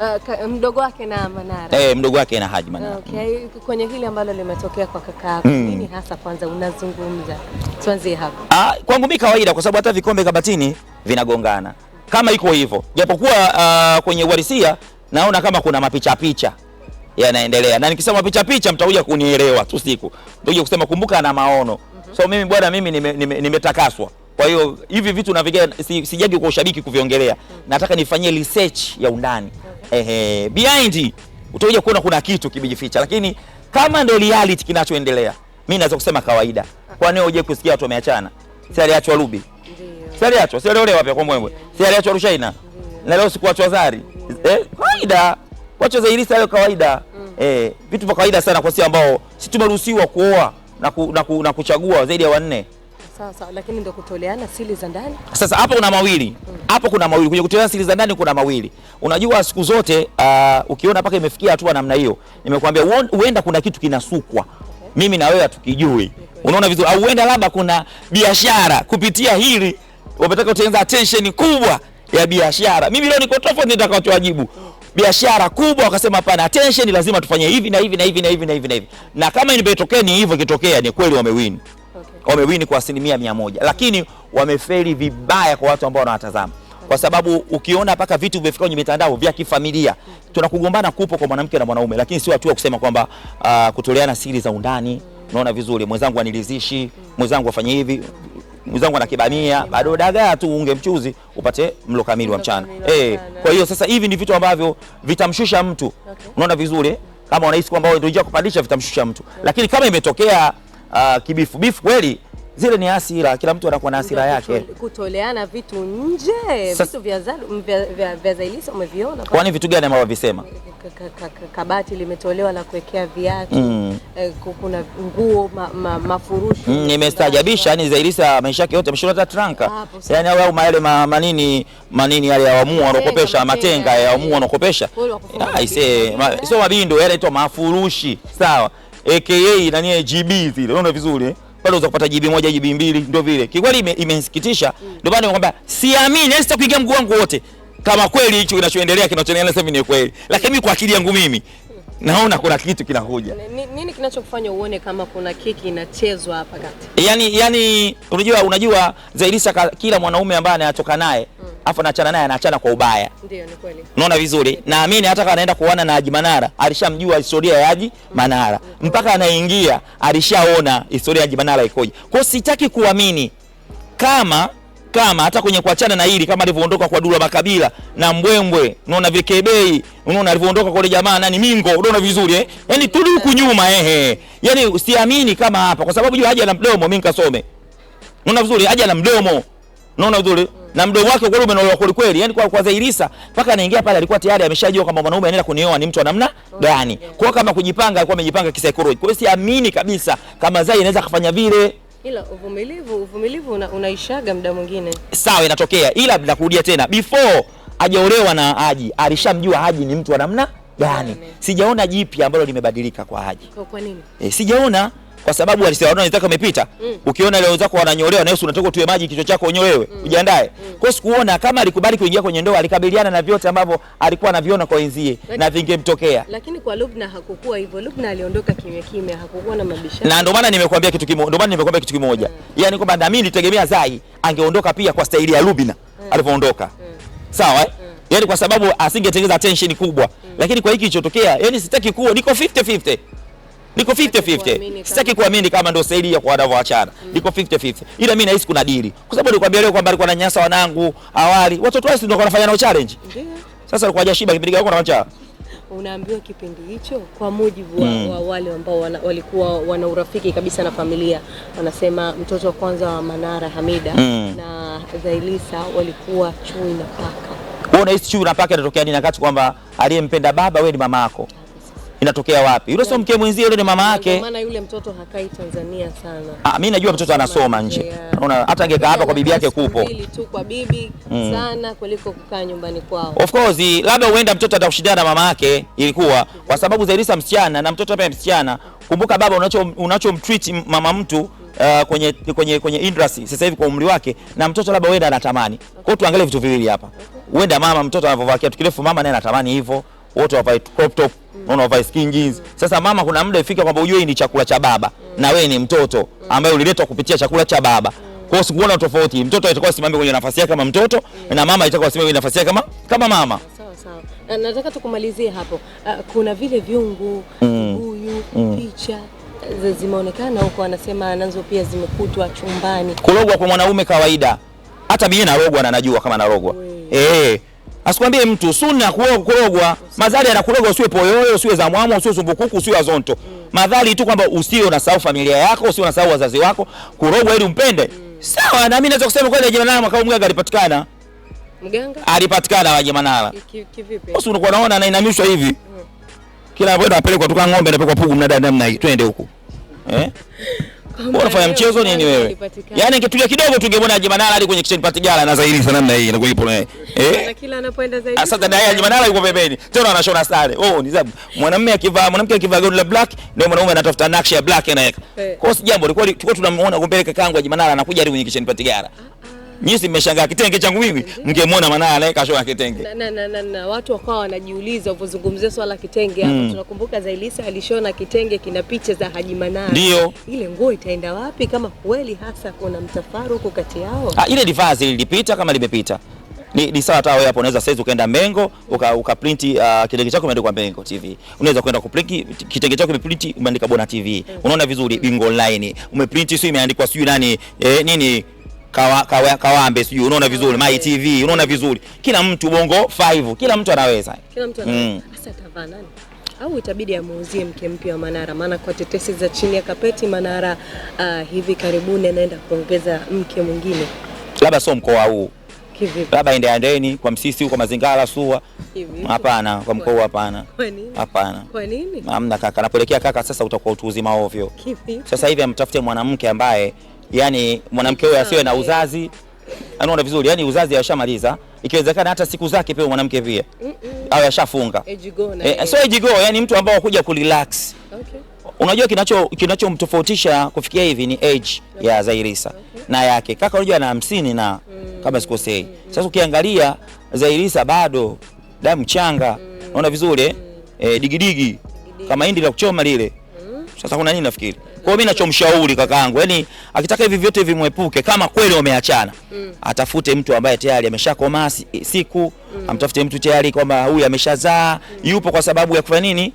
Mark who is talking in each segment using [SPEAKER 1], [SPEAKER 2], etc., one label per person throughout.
[SPEAKER 1] Eh, mdogo wake na Manara.
[SPEAKER 2] Eh, mdogo wake na Haji Manara.
[SPEAKER 1] Okay. Mm. Kwenye hili ambalo limetokea kwa kaka yako mm. Nini hasa kwanza unazungumza? Tuanzie hapo.
[SPEAKER 2] Ah, kwangu mimi kawaida kwa sababu hata vikombe kabatini vinagongana kama iko hivyo, japokuwa uh, kwenye uhalisia naona kama kuna mapicha picha yanaendelea, na nikisema picha picha mtakuja kunielewa tu, siku Ndio kusema kumbuka na maono. mm -hmm. So mimi bwana, mimi nimetakaswa nime, nime kwa hiyo hivi vitu navigawa, sijagi kwa ushabiki kuviongelea, nataka nifanyie research ya undani okay. Ehe, behind utakuja kuona kuna kitu kimejificha, lakini kama ndio reality kinachoendelea, mimi naweza kusema kawaida. Kwa nini uje kusikia watu wameachana? Si aliachwa Rubi, si aliachwa, si aliolewa pia kwa Mbwembwe, si aliachwa Rushaina, na leo siku achwa Zari. Eh, kawaida wacha Zairi leo kawaida mm. eh, vitu vya kawaida sana kwa sisi ambao si tumeruhusiwa kuoa na, ku, na, ku, na kuchagua zaidi ya wanne
[SPEAKER 1] sasa lakini ndio kutoleana siri za ndani.
[SPEAKER 2] Sasa hapo kuna mawili hapo, kuna mawili kwenye kutoleana siri za ndani, kuna mawili. Unajua siku zote uh, ukiona mpaka imefikia hatua namna hiyo, nimekuambia huenda kuna kitu kinasukwa, okay. mimi na wewe hatukijui, unaona vizuri, au huenda labda kuna biashara kupitia hili wametaka kutengeneza attention kubwa ya biashara. Mimi leo niko tofauti, nitakachowajibu biashara kubwa wakasema hapana, attention lazima tufanye hivi na hivi na hivi na hivi na hivi na hivi, na kama imetokea ni hivyo, ikitokea ni kweli wamewin wamewini kwa asilimia mia moja, lakini wamefeli vibaya kwa watu ambao wanawatazama kwa sababu ukiona mpaka vitu vimefika kwenye mitandao vya kifamilia, tunakugombana kupo kwa mwanamke na mwanaume, lakini sio hatua kusema kwamba uh, kutoleana siri za undani. Unaona vizuri, mwenzangu anilizishi, mwenzangu afanye hivi, mwenzangu anakibamia, bado dagaa tu unge mchuzi upate mlo kamili wa mchana eh. Kwa hiyo sasa hivi ni vitu ambavyo vitamshusha mtu, unaona vizuri, kama unahisi kwamba ndio njia kupandisha, vitamshusha mtu, lakini kama imetokea uh, kibifu bifu kweli zile ni hasira, kila mtu anakuwa na hasira yake,
[SPEAKER 1] kutoleana vitu nje, vitu vya vya Zailisa umeviona.
[SPEAKER 2] Kwani vitu gani ambavyo visema
[SPEAKER 1] kabati limetolewa la kuwekea viatu mm. Eh, kuna nguo ma, ma, mafurushu
[SPEAKER 2] mm, nimestajabisha. Yani Zailisa maisha yake yote ameshona hata tranka yani, au maele ma, manini manini yale yaamua anakopesha matenga yaamua anakopesha aisee, sio mabindo yale, inaitwa mafurushi sawa aka nani GB zile, unaona vizuri eh? Bado unaweza kupata GB moja GB mbili ndio vile. Kikweli imenisikitisha mm. ndio mm. Maana nimekwambia siamini, yani kuingia mguu wangu wote kama kweli hicho kinachoendelea kinachoendelea sasa ni kweli, lakini mimi kwa akili yangu mimi naona kuna kitu kinakuja.
[SPEAKER 1] Nini kinachokufanya uone kama kuna kiki inachezwa hapa kati?
[SPEAKER 2] Yaani yani, unajua unajua Zaiylissa, kila mwanaume ambaye anatoka naye afu anaachana naye, anaachana kwa ubaya. Ndio, ni kweli. Unaona vizuri, naamini hata kama anaenda kuona na Haji Manara alishamjua historia ya Haji Manara mpaka anaingia, alishaona historia ya Haji Manara ikoje. Kwa hiyo sitaki kuamini kama kama hata kwenye kuachana na hili kama alivyoondoka kwa Dula Makabila na Mbwembwe, unaona vile Kebei, unaona alivyoondoka kwa ile jamaa nani Mingo, unaona vizuri eh, yani turudi huku nyuma ehe, yani usiamini kama hapa, kwa sababu jua Haji ana mdomo, mimi nikasome, unaona vizuri, Haji ana mdomo Unaona uzuri? Na mdogo wake kweli umenaolewa kweli kweli. yani kwa kwa Zairisa mpaka anaingia pale alikuwa tayari ameshajua kwamba mwanaume anaenda kunioa ni mtu wa namna gani. Kwa kama kujipanga alikuwa amejipanga kisaikolojia. Kwa hiyo siamini kabisa kama Zai anaweza kufanya vile.
[SPEAKER 1] Ila uvumilivu, uvumilivu una, unaishaga muda mwingine.
[SPEAKER 2] Sawa inatokea. Ila bila kurudia tena before hajaolewa na Haji, alishamjua Haji ni mtu wa namna gani. Sijaona jipya ambalo limebadilika kwa Haji. Kwa, kwa nini? E, sijaona kwa sababu alisia wanaona nitaka umepita. Mm. Ukiona leo zako wananyolewa na Yesu unataka tuwe maji kichwa chako unyolewe. Mm. Ujiandae. Mm. Kwa hiyo sikuona kama alikubali kuingia kwenye ndoa alikabiliana na vyote ambavyo alikuwa anaviona kwa wenzie na vingemtokea.
[SPEAKER 1] Lakini kwa Lubna hakukua hivyo. Lubna aliondoka kimya kimya, hakukua na mabishano.
[SPEAKER 2] Na ndio maana nimekuambia kitu kimoja, ndio maana nimekuambia kitu kimoja. Mm. yani kwamba na mimi nilitegemea Zai angeondoka pia kwa staili ya Lubna mm. alipoondoka. Mm. Sawa eh? Mm. Yaani kwa sababu asingetengeza tension kubwa. Mm. Lakini kwa hiki kilichotokea, yani sitaki kuwa niko 50 50. mm niko 50-50. Sitaki kuamini kama ndio sahihi ya kwa dawa wanavyoachana. Mm. Niko 50-50. Ila mimi nahisi kuna deal. Kwa sababu nilikwambia leo kwamba alikuwa ananyanyasa wanangu awali. Watoto wao ndio wanafanya nao challenge. Ndio. Sasa alikuwa hajashiba kipindi gani na wacha.
[SPEAKER 1] Unaambiwa kipindi hicho kwa mujibu wa, mm. wa wale ambao wana, walikuwa wana urafiki kabisa na familia, wanasema mtoto wa kwanza wa Manara Hamida mm. na Zailisa walikuwa chui na paka.
[SPEAKER 2] Wewe unahisi chui na paka inatokea nini, wakati kwamba aliyempenda baba wewe ni mama yako? inatokea wapi? Yule sio mke mwenzie, yule ni mama yake.
[SPEAKER 1] Maana yule mtoto hakai Tanzania sana.
[SPEAKER 2] Ah, mimi najua mtoto anasoma nje. Unaona hata angekaa hapa kwa bibi yake kupo.
[SPEAKER 1] Tu kwa bibi mm. sana kuliko kukaa nyumbani kwao.
[SPEAKER 2] Of course, labda huenda mtoto atakushindana na mama yake ilikuwa kwa sababu Zailisa msichana na mtoto pia msichana. Kumbuka baba unachomtreat unacho mama mtu Uh, kwenye kwenye kwenye industry sasa hivi kwa umri wake na mtoto labda wenda anatamani. Kwa hiyo tuangalie vitu viwili hapa. Wenda mama mtoto anavyovalia kitu kirefu, mama naye anatamani hivyo, wote wavae crop top unaona vice king jeans. Sasa mama, kuna muda ifika kwamba ujue ni chakula cha baba na wewe ni mtoto ambaye uliletwa kupitia chakula cha baba. Kwa hiyo sikuona tofauti, mtoto atakuwa simame kwenye nafasi yake kama mtoto na mama itakuwa simame kwenye nafasi yake kama kama mama.
[SPEAKER 1] Sawa sawa. nataka tukumalizie hapo. Ah, kuna vile viungu, huyu mm. mm. picha eh, zimeonekana huko, anasema nazo pia zimekutwa chumbani.
[SPEAKER 2] Kurogwa kwa mwanaume kawaida, hata mimi narogwa na najua kama narogwa eh. Asikwambie mtu sunna kuogwa. madhali anakurogwa usiwe poyoyo, usiwe za mwamo, usiwe zumbukuku, usiwe azonto. Madhali tu kwamba usiwe na sahau familia yako, usiwe na sahau wazazi wako, kurogwa ili umpende. Sawa, na mimi naweza kusema kweli Haji Manara kama mganga alipatikana. Mganga? Alipatikana Haji Manara. Kivipi? Basi unakuwa unaona anainamishwa hivi. Mm. Kila mmoja anapelekwa tuka ng'ombe, anapelekwa pugu mnada namna hii. Twende huko. Eh? unafanya mchezo nini wewe? Yaani ingetulia kidogo tungemwona Haji Manara hadi kwenye kitchen party gala na zaidi sana namna hii na kulipo eh. Na kila anapoenda zaidi. Sasa dada yake Haji Manara yuko pembeni. Tena anashona sare. Oh, ni zabu. mwanamume akivaa mwanamke akivaa gauni la black ndio mwanaume anatafuta nakshi ya black anaweka. Eh. Kwa hiyo si jambo, tulikuwa tunamuona kumpeleka kakangu Haji Manara anakuja hadi kwenye kitchen party gala. Ah, ah. Nyinyi mmeshangaa kitenge changu mimi, mngemwona maana anaye kashona kitenge
[SPEAKER 1] na, na, na, na, na. Watu wakawa wanajiuliza unapozungumzia swala kitenge hapa mm. Tunakumbuka Zailisa alishona kitenge kina picha za Haji Manara. Ndio. Ile nguo itaenda wapi kama kweli hasa kuna mtafaruku kati yao?
[SPEAKER 2] Ah, ile vazi lilipita kama limepita ni, ni sawa. tawe hapo unaweza saizi ukaenda Mengo uka, uka print uh, ah, kitenge chako imeandikwa Mengo TV, unaweza kwenda ku print kitenge chako imeprint umeandika Bona TV. Hmm. Unaona vizuri, Bingo Online umeprint sio imeandikwa sio nani eh, nini kawambe sijui unaona vizuri My TV unaona vizuri kila mtu bongo 5 kila mtu anaweza
[SPEAKER 1] kila mtu anaweza mm. Sasa atavaa nani au itabidi amuuzie mke mpya wa Manara, maana kwa tetesi za chini ya kapeti Manara uh, hivi karibuni anaenda kuongeza mke mwingine,
[SPEAKER 2] labda sio mkoa huu Kivipi? Labda ende andeni kwa Msisi huko Mazingara Suwa. Hapana, kwa mkoa hapana. Hapana. Kwa nini? Hamna kaka, napelekea kaka, sasa utakuwa utu uzima ovyo. Kivipi? Sasa hivi amtafute mwanamke ambaye yani mwanamke huyo asiwe na uzazi anaona vizuri, yani uzazi ashamaliza, ikiwezekana hata siku zake pia mwanamke pia mm -mm. au ashafunga eh, e, so ejigo, yani mtu ambao kuja kurelax okay. Unajua kinacho kinachomtofautisha kufikia hivi ni age okay. ya Zairisa okay. na yake kaka, unajua ana hamsini na mm. kama sikosei mm -hmm. Sasa ukiangalia Zairisa bado damu changa mm. unaona vizuri eh? mm. e, digidigi kama hindi la kuchoma lile mm. Sasa kuna nini nafikiri kwa hiyo mimi nachomshauri kakaangu, yani akitaka hivi vyote vimwepuke, kama kweli wameachana mm. atafute mtu ambaye tayari ameshakomaa siku mm. amtafute mtu tayari kwamba huyu ameshazaa mm. yupo kwa sababu ya kufanya nini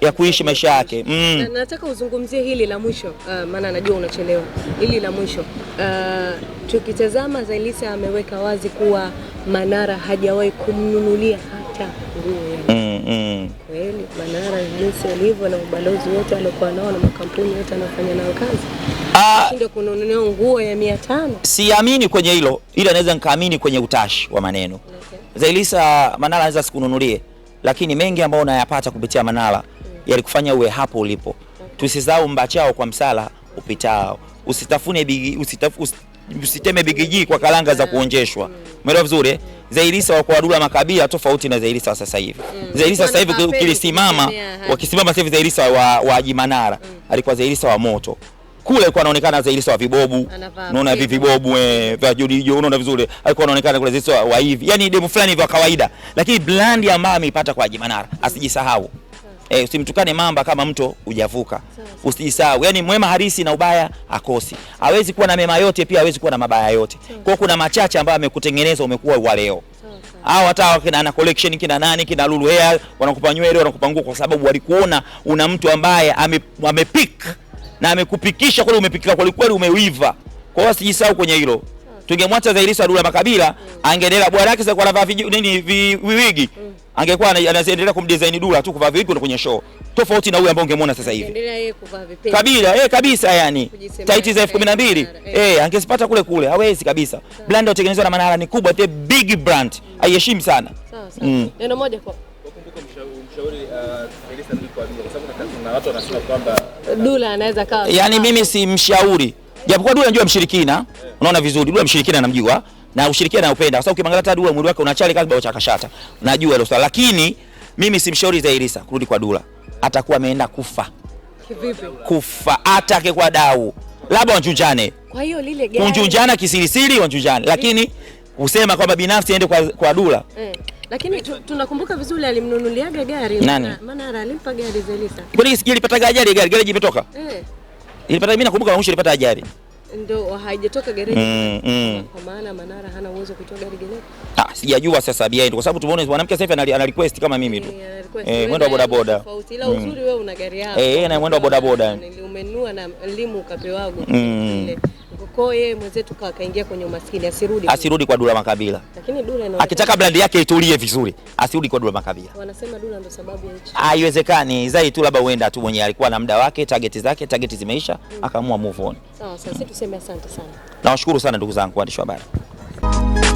[SPEAKER 2] ya kuishi maisha yake
[SPEAKER 1] mm. Na, nataka uzungumzie hili la mwisho uh, maana najua unachelewa. Hili la mwisho uh, tukitazama Zaiylissa ameweka wazi kuwa Manara hajawahi kumnunulia hata nguo
[SPEAKER 2] mm. Kweli
[SPEAKER 1] Manara jinsi alivyo na ubalozi wote aliokuwa nao na makampuni yote anafanya kazi ah, kununua nguo ya mia tano.
[SPEAKER 2] Siamini kwenye hilo, ila naweza nikaamini kwenye utashi wa maneno okay. Zailisa Manara anaweza sikununulie, lakini mengi ambayo unayapata kupitia Manara mm. yalikufanya uwe hapo ulipo okay. Tusisahau mbachao kwa msala upitao, usitafune bigi, usiteme bigiji kwa karanga za kuonjeshwa. Umeelewa vizuri eh? Zairisa Zailisa wa kuadula makabila tofauti na Zailisa sasa hivi. Mm. Zairisa sasa hivi ukilisimama, wakisimama sasa hivi Zairisa wa, wa Jimanara mm. alikuwa Zairisa wa moto kule alikuwa anaonekana Zairisa wa vibobu, unaona hivi vibobu eh, vya juu Jodijo, unaona vizuri, alikuwa anaonekana kule Zairisa wa hivi, Yaani demu fulani vya kawaida, lakini brand ambayo ameipata kwa Jimanara, Manara asijisahau. Eh, usimtukane mamba kama mto ujavuka. Usijisahau. yani mwema harisi na ubaya akosi. Hawezi kuwa na mema yote pia hawezi kuwa na mabaya yote. Kwa kuna machache ambayo amekutengeneza umekuwa wa leo. au hata kina na collection kina nani kina Lulu Hair wanakupa nywele wanakupa nguo kwa sababu walikuona una mtu ambaye amepik na amekupikisha kule umepikika kwa kweli umeiva. Kwa hiyo usijisahau kwenye hilo tungemwacha Zaiylissa Dula Makabila mm. angeendelea bwana yake sasa kwa anavaa nini viwigi, mm. angekuwa anaendelea kumdesign Dula tu kuvaa viwigi kwenye show, tofauti na huyu ambaye ungemwona sasa hivi Kabila eh kabisa, yani taiti za 12 eh angezipata kule kule, hawezi kabisa. Brand inayotengenezwa na Manara ni kubwa, the big brand, haiheshimu sana.
[SPEAKER 1] Sawa sawa, mm. neno moja kwa uh, Dula anaweza kawa,
[SPEAKER 2] yani mimi si mshauri Japokuwa dua anajua mshirikina, unaona vizuri dua mshirikina anamjua na ushirikina naupenda kwa sababu ukimwangalia hata dua mwili wake unachali kama kibao cha kashata. Najua hilo swala lakini mimi simshauri Zaiylissa kurudi kwa Dula, Atakuwa ameenda kufa. Kivipi? Kufa hata akikuwa dau. Labda wanjunjane.
[SPEAKER 1] Kwa hiyo lile
[SPEAKER 2] gari. Wanjunjana kisirisiri wanjunjane. Lakini usema kwamba binafsi aende kwa kwa Dula
[SPEAKER 1] Eh. Lakini tunakumbuka vizuri alimnunuliaga gari.
[SPEAKER 2] Maana
[SPEAKER 1] alimpa gari
[SPEAKER 2] Kwa nini sikilipata gari gari gari jipetoka? Eh. Ilipata mimi nakumbuka mwisho nilipata ajali.
[SPEAKER 1] Ndio haijatoka gereji.
[SPEAKER 2] Mm, mm.
[SPEAKER 1] Kwa maana Manara hana uwezo kutoa gari gereji.
[SPEAKER 2] Ah, sijajua sasa bia behind kwa sababu tumeona mwanamke sasa hivi ana request kama mimi tu. Eh, eh mwendo wa bodaboda.
[SPEAKER 1] Tofauti ila uzuri mm. wewe una gari yako.
[SPEAKER 2] Eh, eh na mwendo wa bodaboda.
[SPEAKER 1] Umenua na limu ukapewa. wangu.
[SPEAKER 2] Mm.
[SPEAKER 1] Kwa hiyo yeye mwenzetu kaingia kwenye umaskini, asirudi.
[SPEAKER 2] Asirudi kwa Dula Makabila.
[SPEAKER 1] Lakini Dula inaonekana
[SPEAKER 2] akitaka brand yake itulie vizuri, asirudi kwa Dula Makabila.
[SPEAKER 1] Wanasema Dula ndio sababu ya
[SPEAKER 2] hicho. Haiwezekani, zai tu labda uenda tu mwenyewe alikuwa na muda wake, target zake, target zimeisha, akaamua move on.
[SPEAKER 1] Sawa, sasa tuseme asante sana.
[SPEAKER 2] Nawashukuru sana ndugu zangu waandishi wa habari.